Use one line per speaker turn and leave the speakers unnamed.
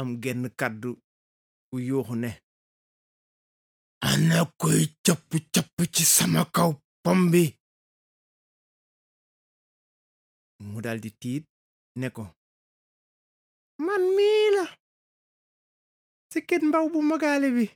am genn kàddu gu yuuxu ne
ana koy capp ci sama kaw pom bi mu daldi tiit ne ko
man mii la mbaw bu magaale bi